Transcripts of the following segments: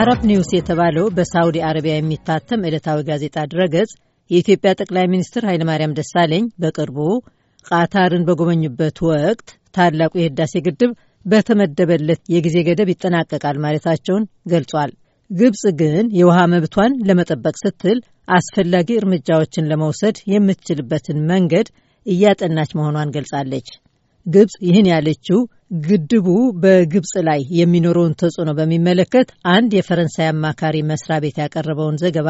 አረብ ኒውስ የተባለው በሳውዲ አረቢያ የሚታተም ዕለታዊ ጋዜጣ ድረገጽ የኢትዮጵያ ጠቅላይ ሚኒስትር ኃይለማርያም ደሳለኝ በቅርቡ ቃታርን በጎበኙበት ወቅት ታላቁ የህዳሴ ግድብ በተመደበለት የጊዜ ገደብ ይጠናቀቃል ማለታቸውን ገልጿል። ግብፅ ግን የውሃ መብቷን ለመጠበቅ ስትል አስፈላጊ እርምጃዎችን ለመውሰድ የምትችልበትን መንገድ እያጠናች መሆኗን ገልጻለች። ግብፅ ይህን ያለችው ግድቡ በግብፅ ላይ የሚኖረውን ተጽዕኖ በሚመለከት አንድ የፈረንሳይ አማካሪ መስሪያ ቤት ያቀረበውን ዘገባ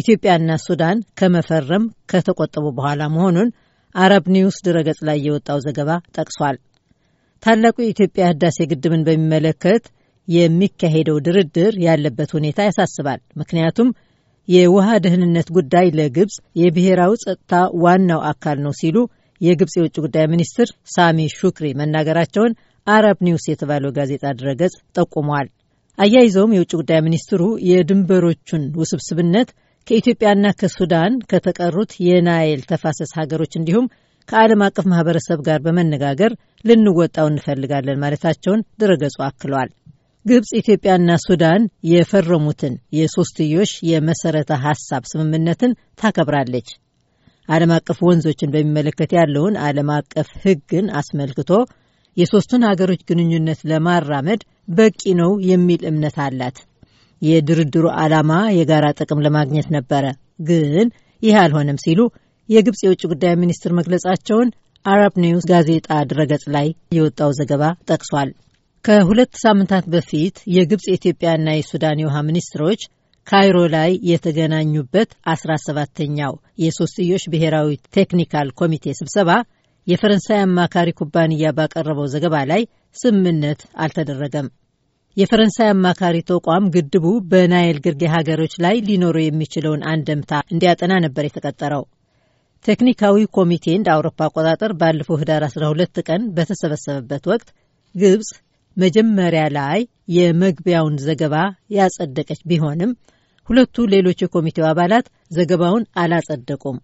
ኢትዮጵያና ሱዳን ከመፈረም ከተቆጠቡ በኋላ መሆኑን አረብ ኒውስ ድረገጽ ላይ የወጣው ዘገባ ጠቅሷል። ታላቁ የኢትዮጵያ ህዳሴ ግድብን በሚመለከት የሚካሄደው ድርድር ያለበት ሁኔታ ያሳስባል። ምክንያቱም የውሃ ደህንነት ጉዳይ ለግብፅ የብሔራዊ ጸጥታ ዋናው አካል ነው ሲሉ የግብፅ የውጭ ጉዳይ ሚኒስትር ሳሚ ሹክሪ መናገራቸውን አረብ ኒውስ የተባለው ጋዜጣ ድረገጽ ጠቁሟል። አያይዘውም የውጭ ጉዳይ ሚኒስትሩ የድንበሮቹን ውስብስብነት ከኢትዮጵያና ከሱዳን ከተቀሩት የናይል ተፋሰስ ሀገሮች እንዲሁም ከዓለም አቀፍ ማህበረሰብ ጋር በመነጋገር ልንወጣው እንፈልጋለን ማለታቸውን ድረገጹ አክሏል። ግብፅ፣ ኢትዮጵያና ሱዳን የፈረሙትን የሶስትዮሽ የመሰረተ ሀሳብ ስምምነትን ታከብራለች። ዓለም አቀፍ ወንዞችን በሚመለከት ያለውን ዓለም አቀፍ ሕግን አስመልክቶ የሦስቱን ሀገሮች ግንኙነት ለማራመድ በቂ ነው የሚል እምነት አላት። የድርድሩ ዓላማ የጋራ ጥቅም ለማግኘት ነበረ፣ ግን ይህ አልሆነም ሲሉ የግብፅ የውጭ ጉዳይ ሚኒስትር መግለጻቸውን አረብ ኒውስ ጋዜጣ ድረገጽ ላይ የወጣው ዘገባ ጠቅሷል። ከሁለት ሳምንታት በፊት የግብፅ የኢትዮጵያና የሱዳን የውሃ ሚኒስትሮች ካይሮ ላይ የተገናኙበት 17ተኛው የሶስትዮሽ ብሔራዊ ቴክኒካል ኮሚቴ ስብሰባ የፈረንሳይ አማካሪ ኩባንያ ባቀረበው ዘገባ ላይ ስምምነት አልተደረገም። የፈረንሳይ አማካሪ ተቋም ግድቡ በናይል ግርጌ ሀገሮች ላይ ሊኖረው የሚችለውን አንደምታ እንዲያጠና ነበር የተቀጠረው። ቴክኒካዊ ኮሚቴ እንደ አውሮፓ አቆጣጠር ባለፈው ህዳር 12 ቀን በተሰበሰበበት ወቅት ግብፅ መጀመሪያ ላይ የመግቢያውን ዘገባ ያጸደቀች ቢሆንም ሁለቱ ሌሎች የኮሚቴው አባላት ዘገባውን አላጸደቁም።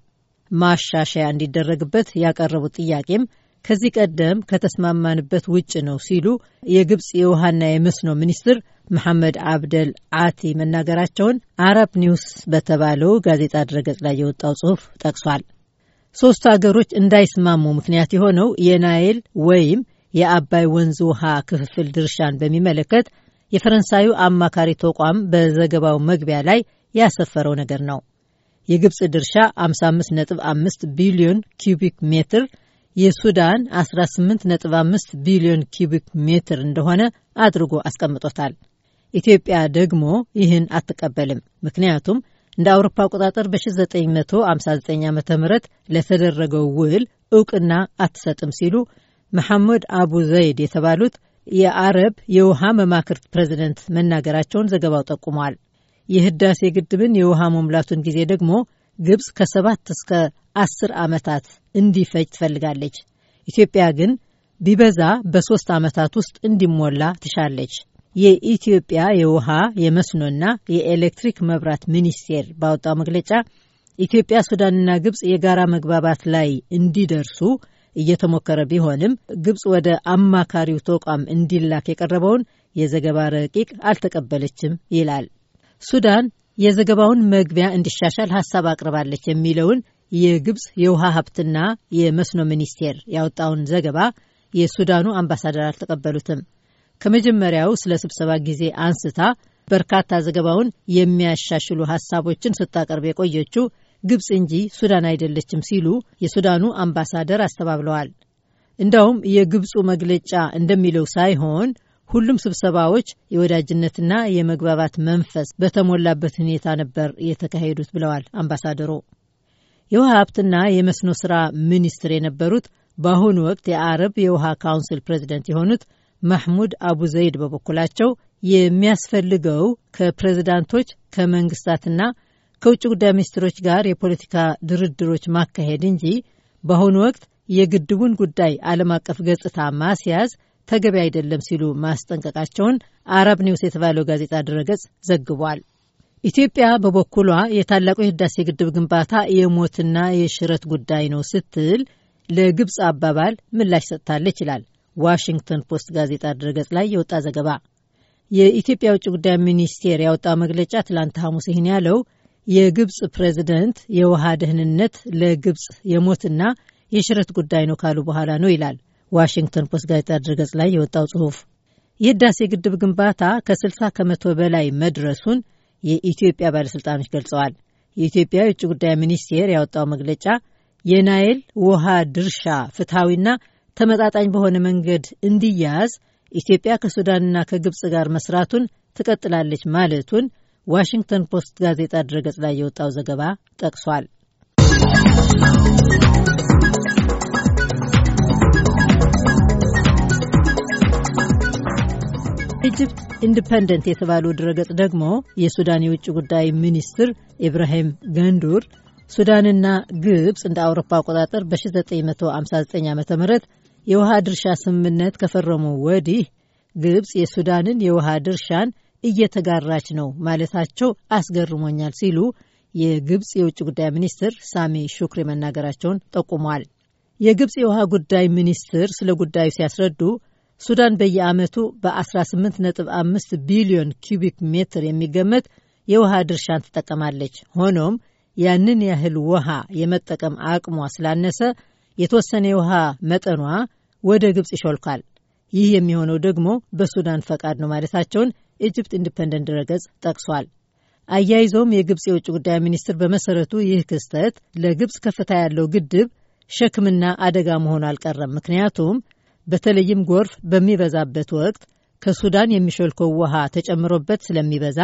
ማሻሻያ እንዲደረግበት ያቀረቡት ጥያቄም ከዚህ ቀደም ከተስማማንበት ውጭ ነው ሲሉ የግብፅ የውሃና የመስኖ ሚኒስትር መሐመድ አብደል አቲ መናገራቸውን አረብ ኒውስ በተባለው ጋዜጣ ድረገጽ ላይ የወጣው ጽሑፍ ጠቅሷል። ሦስቱ አገሮች እንዳይስማሙ ምክንያት የሆነው የናይል ወይም የአባይ ወንዝ ውሃ ክፍፍል ድርሻን በሚመለከት የፈረንሳዩ አማካሪ ተቋም በዘገባው መግቢያ ላይ ያሰፈረው ነገር ነው። የግብፅ ድርሻ 55.5 ቢሊዮን ኪዩቢክ ሜትር፣ የሱዳን 18.5 ቢሊዮን ኪዩቢክ ሜትር እንደሆነ አድርጎ አስቀምጦታል። ኢትዮጵያ ደግሞ ይህን አትቀበልም። ምክንያቱም እንደ አውሮፓ አቆጣጠር በ1959 ዓ ም ለተደረገው ውል እውቅና አትሰጥም ሲሉ መሐመድ አቡ ዘይድ የተባሉት የአረብ የውሃ መማክርት ፕሬዚደንት መናገራቸውን ዘገባው ጠቁሟል። የህዳሴ ግድብን የውሃ መሙላቱን ጊዜ ደግሞ ግብፅ ከሰባት እስከ አስር ዓመታት እንዲፈጅ ትፈልጋለች። ኢትዮጵያ ግን ቢበዛ በሦስት ዓመታት ውስጥ እንዲሞላ ትሻለች። የኢትዮጵያ የውሃ የመስኖና የኤሌክትሪክ መብራት ሚኒስቴር ባወጣው መግለጫ ኢትዮጵያ፣ ሱዳንና ግብፅ የጋራ መግባባት ላይ እንዲደርሱ እየተሞከረ ቢሆንም ግብፅ ወደ አማካሪው ተቋም እንዲላክ የቀረበውን የዘገባ ረቂቅ አልተቀበለችም ይላል። ሱዳን የዘገባውን መግቢያ እንዲሻሻል ሀሳብ አቅርባለች የሚለውን የግብፅ የውሃ ሀብትና የመስኖ ሚኒስቴር ያወጣውን ዘገባ የሱዳኑ አምባሳደር አልተቀበሉትም። ከመጀመሪያው ስለ ስብሰባ ጊዜ አንስታ በርካታ ዘገባውን የሚያሻሽሉ ሀሳቦችን ስታቀርብ የቆየችው ግብፅ እንጂ ሱዳን አይደለችም ሲሉ የሱዳኑ አምባሳደር አስተባብለዋል። እንዳውም የግብፁ መግለጫ እንደሚለው ሳይሆን ሁሉም ስብሰባዎች የወዳጅነትና የመግባባት መንፈስ በተሞላበት ሁኔታ ነበር የተካሄዱት ብለዋል አምባሳደሩ። የውሃ ሀብትና የመስኖ ስራ ሚኒስትር የነበሩት በአሁኑ ወቅት የአረብ የውሃ ካውንስል ፕሬዚደንት የሆኑት ማሕሙድ አቡ ዘይድ በበኩላቸው የሚያስፈልገው ከፕሬዚዳንቶች ከመንግስታትና ከውጭ ጉዳይ ሚኒስትሮች ጋር የፖለቲካ ድርድሮች ማካሄድ እንጂ በአሁኑ ወቅት የግድቡን ጉዳይ ዓለም አቀፍ ገጽታ ማስያዝ ተገቢ አይደለም ሲሉ ማስጠንቀቃቸውን አረብ ኒውስ የተባለው ጋዜጣ ድረገጽ ዘግቧል። ኢትዮጵያ በበኩሏ የታላቁ የህዳሴ ግድብ ግንባታ የሞትና የሽረት ጉዳይ ነው ስትል ለግብፅ አባባል ምላሽ ሰጥታለች ይላል ዋሽንግተን ፖስት ጋዜጣ ድረገጽ ላይ የወጣ ዘገባ። የኢትዮጵያ ውጭ ጉዳይ ሚኒስቴር ያወጣው መግለጫ ትላንት ሐሙስ ይህን ያለው የግብፅ ፕሬዚደንት የውሃ ደህንነት ለግብፅ የሞትና የሽረት ጉዳይ ነው ካሉ በኋላ ነው ይላል ዋሽንግተን ፖስት ጋዜጣ ድረገጽ ላይ የወጣው ጽሑፍ። የህዳሴ ግድብ ግንባታ ከ60 ከመቶ በላይ መድረሱን የኢትዮጵያ ባለሥልጣኖች ገልጸዋል። የኢትዮጵያ የውጭ ጉዳይ ሚኒስቴር ያወጣው መግለጫ የናይል ውሃ ድርሻ ፍትሐዊና ተመጣጣኝ በሆነ መንገድ እንዲያያዝ ኢትዮጵያ ከሱዳንና ከግብፅ ጋር መስራቱን ትቀጥላለች ማለቱን ዋሽንግተን ፖስት ጋዜጣ ድረገጽ ላይ የወጣው ዘገባ ጠቅሷል። ኢጅፕት ኢንዲፐንደንት የተባለው ድረገጽ ደግሞ የሱዳን የውጭ ጉዳይ ሚኒስትር ኢብራሂም ገንዱር ሱዳንና ግብፅ እንደ አውሮፓ አቆጣጠር በ1959 ዓ ም የውሃ ድርሻ ስምምነት ከፈረሙ ወዲህ ግብፅ የሱዳንን የውሃ ድርሻን እየተጋራች ነው ማለታቸው አስገርሞኛል ሲሉ የግብፅ የውጭ ጉዳይ ሚኒስትር ሳሚ ሹክሪ መናገራቸውን ጠቁሟል። የግብፅ የውሃ ጉዳይ ሚኒስትር ስለ ጉዳዩ ሲያስረዱ ሱዳን በየዓመቱ በ18.5 ቢሊዮን ኪዩቢክ ሜትር የሚገመት የውሃ ድርሻን ትጠቀማለች። ሆኖም ያንን ያህል ውሃ የመጠቀም አቅሟ ስላነሰ የተወሰነ የውሃ መጠኗ ወደ ግብፅ ይሾልካል። ይህ የሚሆነው ደግሞ በሱዳን ፈቃድ ነው ማለታቸውን ኢጅፕት ኢንዲፐንደንት ድረገጽ ጠቅሷል። አያይዘውም የግብፅ የውጭ ጉዳይ ሚኒስትር በመሰረቱ ይህ ክስተት ለግብፅ ከፍታ ያለው ግድብ ሸክምና አደጋ መሆኑ አልቀረም፣ ምክንያቱም በተለይም ጎርፍ በሚበዛበት ወቅት ከሱዳን የሚሾልከው ውሃ ተጨምሮበት ስለሚበዛ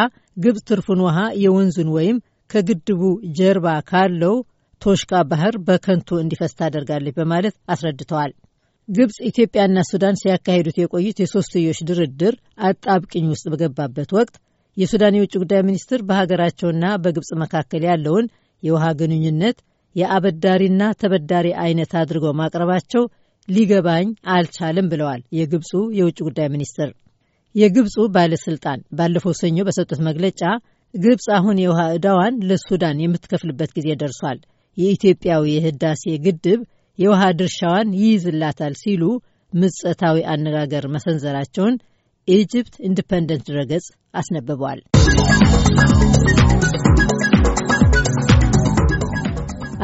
ግብፅ ትርፉን ውሃ የወንዙን ወይም ከግድቡ ጀርባ ካለው ቶሽቃ ባህር በከንቱ እንዲፈስ ታደርጋለች በማለት አስረድተዋል። ግብፅ ኢትዮጵያና ሱዳን ሲያካሂዱት የቆዩት የሶስትዮሽ ድርድር አጣብቅኝ ውስጥ በገባበት ወቅት የሱዳን የውጭ ጉዳይ ሚኒስትር በሀገራቸውና በግብፅ መካከል ያለውን የውሃ ግንኙነት የአበዳሪና ተበዳሪ አይነት አድርገው ማቅረባቸው ሊገባኝ አልቻልም ብለዋል የግብፁ የውጭ ጉዳይ ሚኒስትር። የግብፁ ባለስልጣን ባለፈው ሰኞ በሰጡት መግለጫ ግብፅ አሁን የውሃ ዕዳዋን ለሱዳን የምትከፍልበት ጊዜ ደርሷል፣ የኢትዮጵያው የህዳሴ ግድብ የውሃ ድርሻዋን ይይዝላታል ሲሉ ምጸታዊ አነጋገር መሰንዘራቸውን ኢጅፕት ኢንዲፐንደንት ድረገጽ አስነብቧል።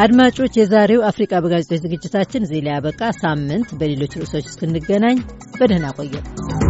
አድማጮች፣ የዛሬው አፍሪቃ በጋዜጦች ዝግጅታችን እዚህ ላይ ያበቃ። ሳምንት በሌሎች ርዕሶች እስክንገናኝ በደህና ቆየም።